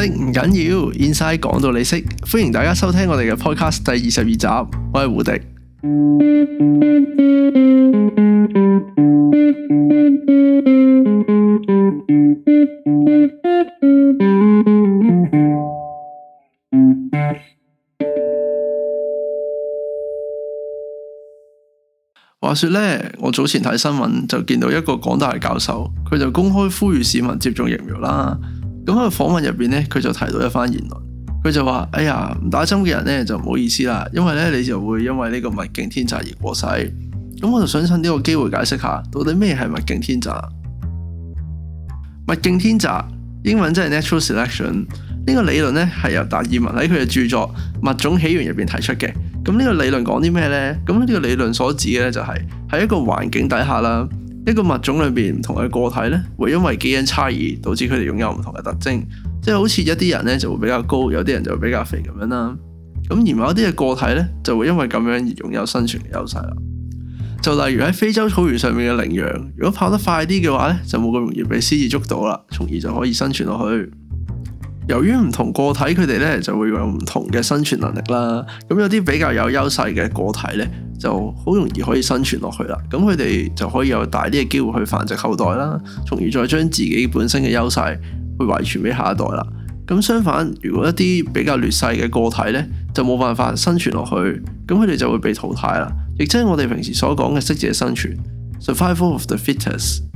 唔緊要，inside 講到你識，歡迎大家收聽我哋嘅 podcast 第二十二集，我係胡迪。話說呢，我早前睇新聞就見到一個港大教授，佢就公開呼籲市民接種疫苗啦。咁喺個訪問入邊咧，佢就提到一番言論，佢就話：哎呀，唔打針嘅人咧就唔好意思啦，因為咧你就會因為呢個物競天擇而過世。咁我就想趁呢個機會解釋下，到底咩係物競天擇？物競天擇，英文即係 natural selection。呢個理論咧係由達爾文喺佢嘅著作《物種起源》入邊提出嘅。咁呢個理論講啲咩咧？咁呢個理論所指嘅咧就係、是、喺一個環境底下啦。一個物種裏面唔同嘅個體咧，會因為基因差異導致佢哋擁有唔同嘅特徵，即好似一啲人咧就會比較高，有啲人就會比較肥咁樣啦。咁而某啲嘅個體呢，就會因為咁樣而擁有生存嘅優勢啦。就例如喺非洲草原上面嘅羚羊，如果跑得快啲嘅話呢就冇咁容易被獅子捉到啦，從而就可以生存落去。由於唔同個體佢哋咧就會有唔同嘅生存能力啦，咁有啲比較有優勢嘅個體咧就好容易可以生存落去啦，咁佢哋就可以有大啲嘅機會去繁殖後代啦，從而再將自己本身嘅優勢去遺傳俾下一代啦。咁相反，如果一啲比較劣勢嘅個體咧就冇辦法生存落去，咁佢哋就會被淘汰啦。亦即係我哋平時所講嘅適者生存 （survival of the fittest）。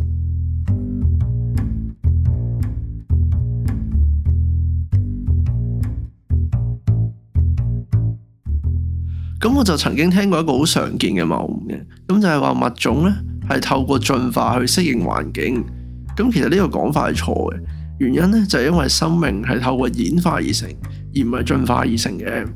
咁我就曾經聽過一個好常見嘅謬誤，咁就係話物種呢係透過進化去適應環境。咁其實呢個講法係錯嘅，原因呢就係、是、因為生命係透過演化而成，而唔係進化而成嘅。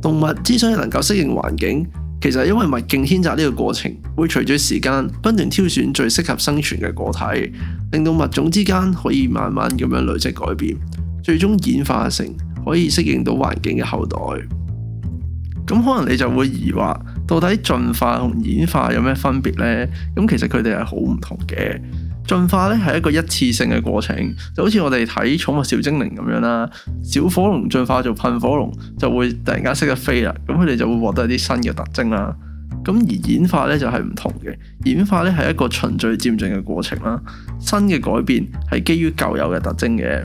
動物之所以能夠適應環境，其實因為物競天擇呢個過程會隨住時間不斷挑選最適合生存嘅個體，令到物種之間可以慢慢咁樣累積改變，最終演化成可以適應到環境嘅後代。咁可能你就會疑惑，到底進化同演化有咩分別呢？咁其實佢哋係好唔同嘅。進化咧係一個一次性嘅過程，就好似我哋睇寵物小精靈咁樣啦，小火龍進化做噴火龍，就會突然間識得飛啦。咁佢哋就會獲得一啲新嘅特徵啦。咁而演化咧就係唔同嘅，演化咧係一個循序漸進嘅過程啦，新嘅改變係基於舊有嘅特徵嘅。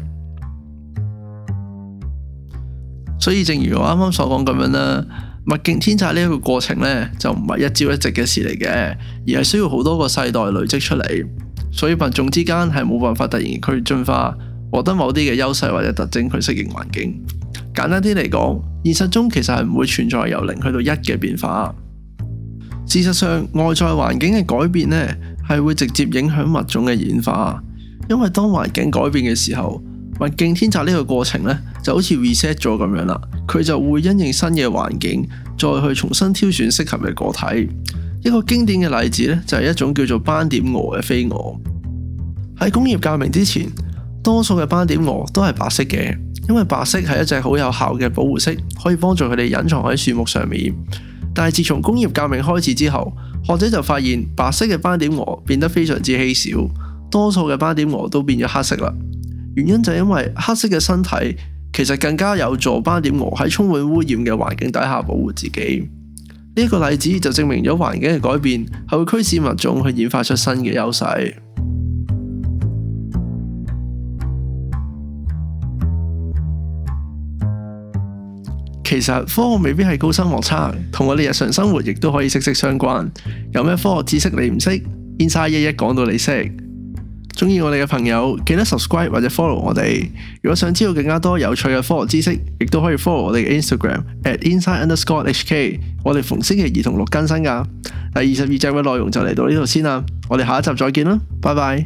所以，正如我啱啱所講咁樣啦，物競天擇呢一個過程呢，就唔係一朝一夕嘅事嚟嘅，而係需要好多個世代累積出嚟。所以物種之間係冇辦法突然去進化，獲得某啲嘅優勢或者特徵去適應環境。簡單啲嚟講，現實中其實係唔會存在由零去到一嘅變化。事實上，外在環境嘅改變呢，係會直接影響物種嘅演化，因為當環境改變嘅時候，環境天擇呢個過程咧，就好似 reset 咗咁樣啦，佢就會因應新嘅環境，再去重新挑選適合嘅個體。一個經典嘅例子咧，就係一種叫做斑點蛾嘅飛蛾。喺工業革命之前，多數嘅斑點蛾都係白色嘅，因為白色係一隻好有效嘅保護色，可以幫助佢哋隱藏喺樹木上面。但係自從工業革命開始之後，學者就發現白色嘅斑點蛾變得非常之稀少，多數嘅斑點蛾都變咗黑色啦。原因就係因為黑色嘅身體其實更加有助斑點蛾喺充滿污染嘅環境底下保護自己。呢一個例子就證明咗環境嘅改變係會驅使物種去演化出新嘅優勢。其實科學未必係高深莫測，同我哋日常生活亦都可以息息相關。有咩科學知識你唔識，Ensa 一一講到你識。中意我哋嘅朋友，記得 subscribe 或者 follow 我哋。如果想知道更加多有趣嘅科學知識，亦都可以 follow 我哋嘅 Instagram at inside underscore hk。K, 我哋逢星期二同六更新㗎。第二十二集嘅內容就嚟到呢度先啦，我哋下一集再見啦，拜拜。